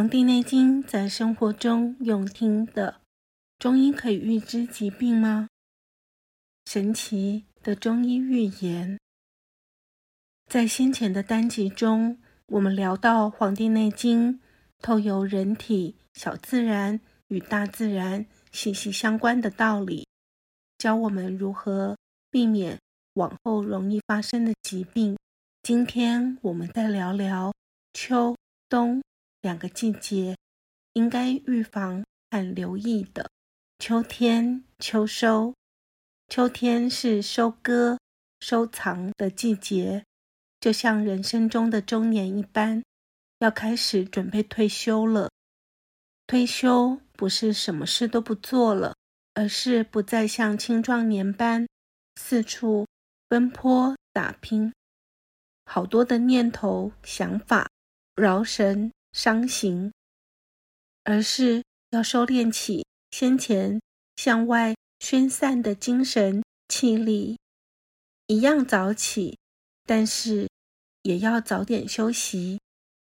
《黃帝內經》在生活中用聽的中醫可以預知疾病嗎？神奇的中醫預言。在先前的單集中，我們聊到《黃帝內經》透由人體小自然與大自然息息相關的道理，教我們如何避免往後容易發生的疾病。今天我們再聊聊秋冬兩個季節應該預防和留意的，秋天、秋收。秋天是收割、收藏的季節，就像人生中的中年一般，要開始準備退休了。退休不是什麼事都不做了，而是不再像青壯年般四處奔波打拼，好多的念頭、想法、勞神。傷行，而是要收斂起先前向外宣散的精神氣力。一樣早起，但是也要早點休息，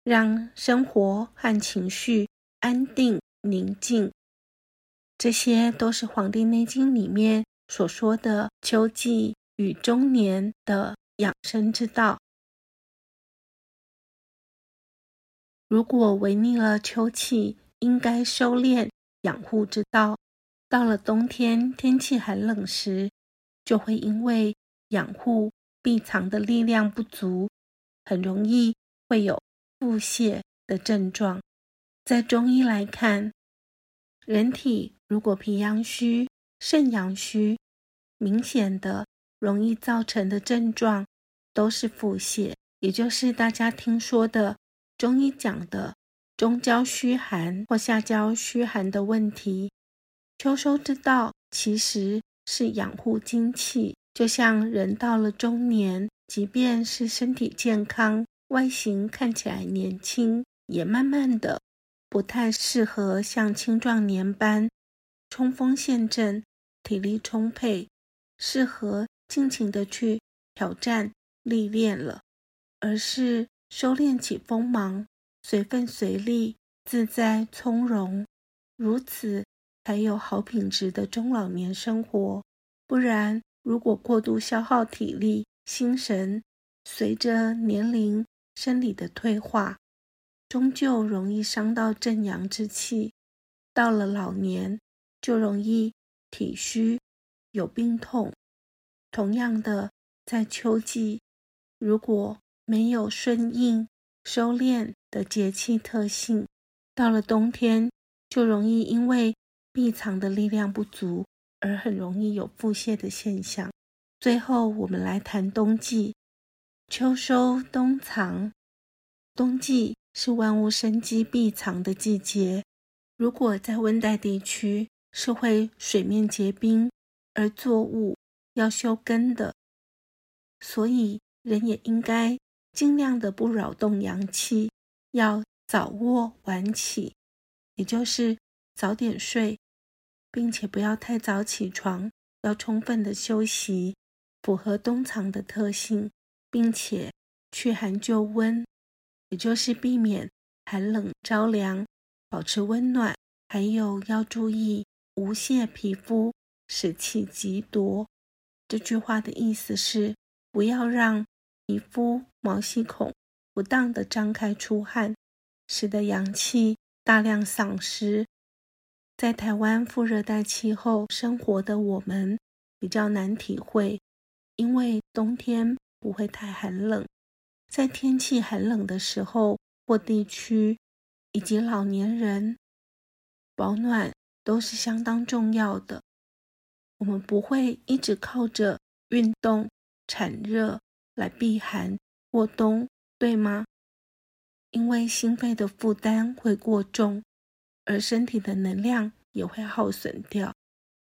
讓生活和情緒安定寧靜。這些都是《黃帝內經》裡面所說的秋季與中年的養生之道。如果違逆了秋氣，應該收斂養護之道。到了冬天，天氣寒冷時，就會因為養護閉藏的力量不足，很容易會有腹瀉的症狀。在中醫來看，人體如果脾陽虛、腎陽虛，明顯的容易造成的症狀都是腹瀉，也就是大家聽說的。中醫講的中焦虛寒或下焦虛寒的問題，秋收之道其實是養護精氣。就像人到了中年，即便是身體健康，外形看起來年輕，也慢慢的不太適合像青壯年般衝鋒陷陣，體力充沛，適合盡情的去挑戰、歷練了，而是。收斂起鋒芒，隨份隨力，自在從容，如此才有好品質的中老年生活。不然，如果過度消耗體力、心神，隨着年齡、生理的退化，終究容易傷到正陽之氣。到了老年，就容易體虛、有病痛。同樣的，在秋季，如果。沒有順應收斂的節氣特性，到了冬天就容易因為閉藏的力量不足，而很容易有腹瀉的現象。最後，我們來談冬季，秋收冬藏。冬季是萬物生機閉藏的季節，如果在溫帶地區，是會水面結冰，而作物要休耕的，所以人也應該。盡量的不擾動陽氣，要早臥晚起，也就是早點睡，並且不要太早起床，要充分的休息，符合冬藏的特性，並且去寒就溫，也就是避免寒冷着涼，保持溫暖。還有要注意無泄皮膚，使氣亟奪。這句話的意思是不要讓。皮膚毛細孔不當的張開出汗，使得陽氣大量喪失。在台灣副熱帶氣候生活的我們比較難體會，因為冬天不會太寒冷。在天氣很冷的時候或地區，以及老年人，保暖都是相當重要的。我們不會一直靠着運動產熱。來避寒過冬，對嗎？因為心肺的負擔會過重，而身體的能量也會耗損掉，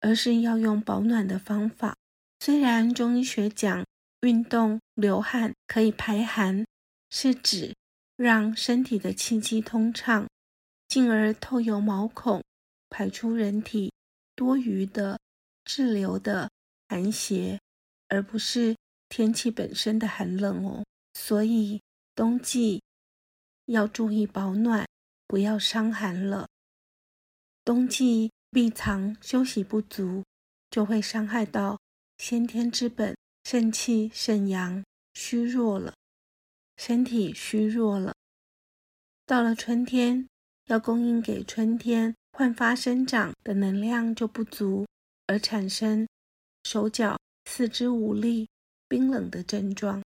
而是要用保暖的方法。雖然中醫學講運動流汗可以排寒，是指讓身體的氣機通暢，進而透由毛孔排出人體多餘的滯留的寒邪，而不是。天氣本身的寒冷哦，所以冬季要注意保暖，不要傷寒了。冬季閉藏休息不足，就會傷害到先天之本，腎氣、腎陽虛弱了，身體虛弱了。到了春天，要供應給春天煥發生長的能量就不足，而產生手腳四肢無力、冰冷的症狀，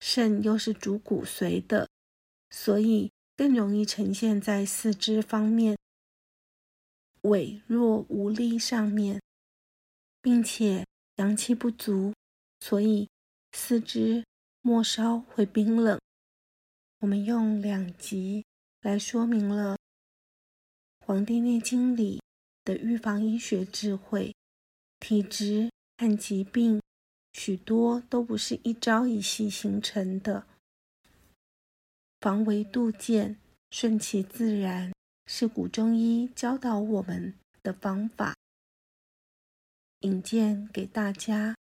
腎又是主骨髓的，所以更容易呈現在四肢方面，痿弱無力上面，並且陽氣不足，所以四肢末梢會冰冷。我們用兩集來說明了《黃帝內經》裡的預防醫學智慧，體質和疾病。許多都不是一朝一夕形成的，防微杜漸、順其自然是古中醫教導我們的方法，引薦給大家。